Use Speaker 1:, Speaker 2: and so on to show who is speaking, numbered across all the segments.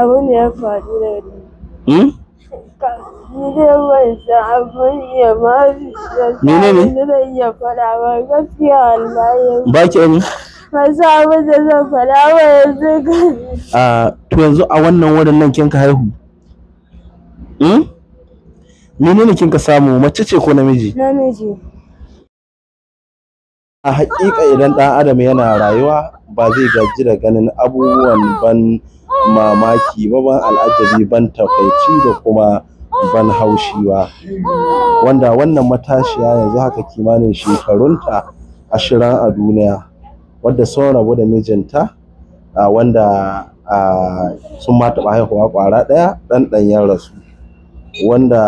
Speaker 1: abin da ya faru da ni hmm? Mene ne? Ba ki ne? Masu abin da zan yanzu
Speaker 2: A ah, to yanzu a wannan wurin nan haihu? Hmm? Mene ne ka samu
Speaker 1: mace ce ko namiji? Namiji.
Speaker 2: A haƙiƙa idan ɗan adam yana rayuwa ba zai gaji da ganin abubuwan ban mamaki ba ban al'ajabi ban takaici da kuma ban haushi ba wanda wannan matashiya yanzu haka kimanin shekarunta ashirin a duniya wadda sun rabu da mijinta wanda sun ma taɓa haihuwa ƙwara ɗaya ɗan ɗanyen rasu wanda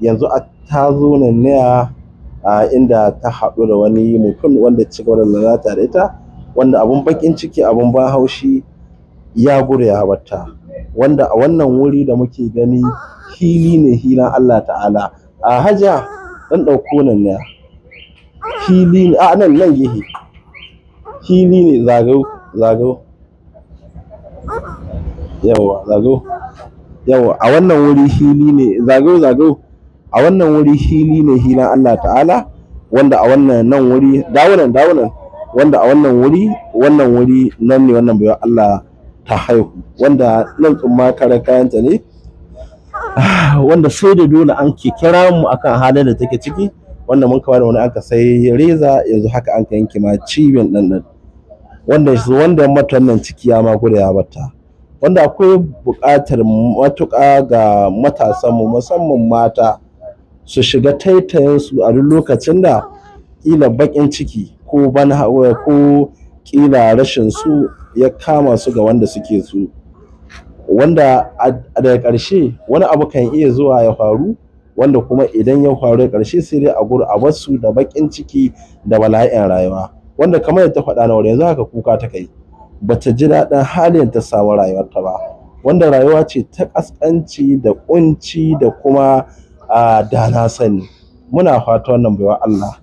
Speaker 2: yanzu a ta zo nan ne a inda ta haɗu da wani mutum wanda ci gaba da lalata da ita wanda abun bakin ciki abun ban haushi ya gure ya wata wanda a wannan wuri da muke gani hili ne hilan Allah ta'ala a haja dan dauko nan ne hili ne a nan nan gehe hili ne zagau zagau yawa zagau yawa a wannan wuri hili ne zagau zagau a wannan wuri hili ne hilan Allah ta'ala wanda a wannan nan wuri dawunan dawunan wanda a wannan wuri wannan wuri nan ne wannan bayan Allah ta haihu wanda nan tsumma kare kayanta ne wanda sai da dole an ke kira mu akan halin da take ciki wanda mun da wani aka sai reza yanzu haka an ka yanke ma cibin ɗan ɗan wanda wanda mata nan ciki ya ma gudu ya bata wanda akwai buƙatar matuƙa ga matasanmu musamman mata su shiga taitayensu a duk lokacin da ƙila baƙin ciki ko bana ko ƙila rashin su ya kama su ga wanda suke su wanda a daga ƙarshe wani abu kan iya zuwa ya faru wanda kuma idan ya faru ya ƙarshe sai dai a guri a basu da baƙin ciki da bala'in rayuwa wanda kamar yadda ta faɗa na yanzu haka kuka ta kai bata ji daɗin halin ta samu rayuwarta ba wanda rayuwa ce ta ƙasƙanci da ƙunci da kuma da na sani muna fata wannan baiwa Allah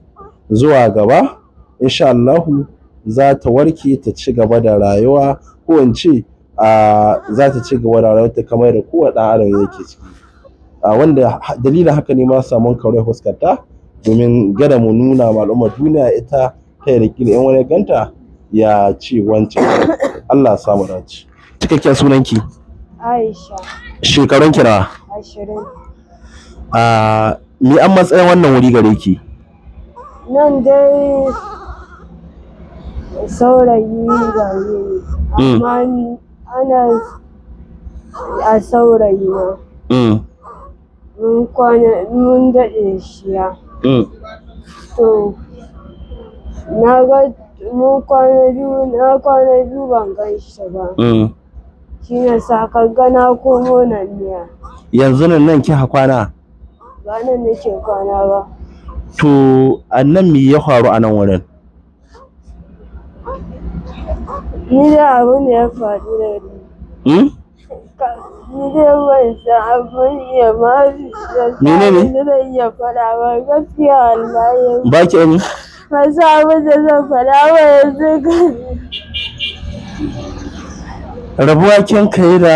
Speaker 2: zuwa gaba insha Allahu za ta warke ta ci gaba da rayuwa ko in ce za ta ci gaba da rayuwarta kamar da kowa ɗan adam yake ciki wanda dalilin haka ne ma samun kare fuskarta domin gada mu nuna ma al'ummar duniya ita ta yi rikili in wani ganta ya ci wancan Allah ya samu dace cikakken sunanki
Speaker 1: Aisha shekarun kira ashirin
Speaker 2: a me an matsayin wannan wuri gare ki
Speaker 1: nan dai saurayi game ni hmm. amma ana a saurayi na hmm. mun kwana mun daɗe shiya hmm. to na ga mun kwana biyu na kwana biyu ban gan shi ba shi ne sakagga na komo nan niya
Speaker 2: yanzu nan nan kika kwana
Speaker 1: ba nan nake kwana ba
Speaker 2: to annan me ya faru a nan wurin
Speaker 1: Ni da abin da ya faru da ni. Hmm? Ni da ban san abin ya ma Mene ne? Ni da iya faɗa ba gaskiya wallahi. Ba ki ne? Ban san abin da zan faɗa ba yanzu gani.
Speaker 2: Rabuwa kin kai da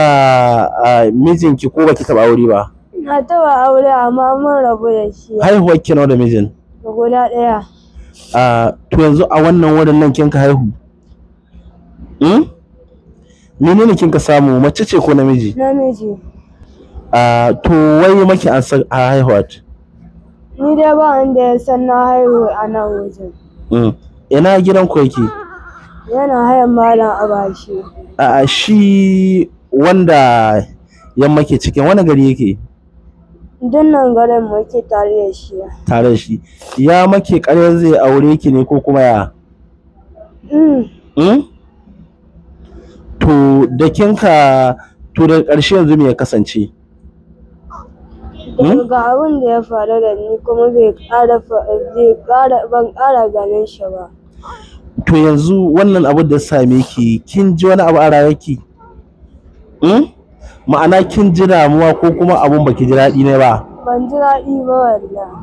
Speaker 2: mijinki ko baki taɓa aure ba?
Speaker 1: Na taɓa aure amma mun rabu da shi. Haihuwar
Speaker 2: ki nawa da mijin?
Speaker 1: Guda ɗaya.
Speaker 2: to yanzu a wannan wurin nan kin ka haihu? Hmm? Mene ne kin ka samu mace ce ko namiji? Namiji. A ah, to wai maki an san a haihuwa
Speaker 1: Ni dai ba wanda ya san na haihu a nan wajen.
Speaker 2: Hmm. Ina gidan ku yake?
Speaker 1: Yana hayan malam abashi.
Speaker 2: A ah, shi wanda yan make cikin wani gari yake?
Speaker 1: Dunnan garin muke tare da shi.
Speaker 2: Tare da shi. Ya make ƙarya zai aure ki ne ko kuma ya?
Speaker 1: Hmm.
Speaker 2: to da kinka to da ƙarshe yanzu me ya kasance
Speaker 1: hmm? ga abin da ya faru da ni kuma bai ƙara ban ƙara ganin shi ba
Speaker 2: to yanzu wannan abin da same ki kin ji wani abu a rayuwarki hmm? ma'ana kin ji damuwa ko kuma abun baki ji daɗi ne ba
Speaker 1: ban ji daɗi ba wallahi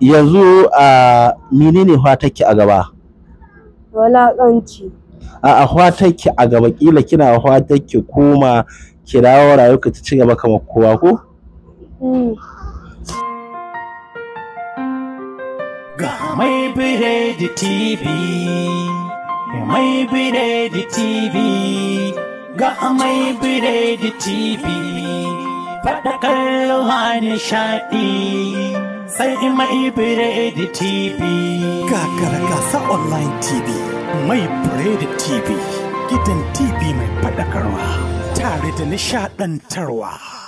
Speaker 2: yanzu a ah, menene fatakki a gaba
Speaker 1: kanci
Speaker 2: a'a ki a gaba kila kina a koma ki dawo rayuwarki ta ci gaba kamar kowa ko
Speaker 1: ga mai biredi tv
Speaker 2: mai biredi tv ga mai biredi tv faɗa kallo nishaɗi sai mai biredi tv ga gasa online tv Mai Biredi TV, gidan TV mai faɗakarwa tare da nishaɗantarwa.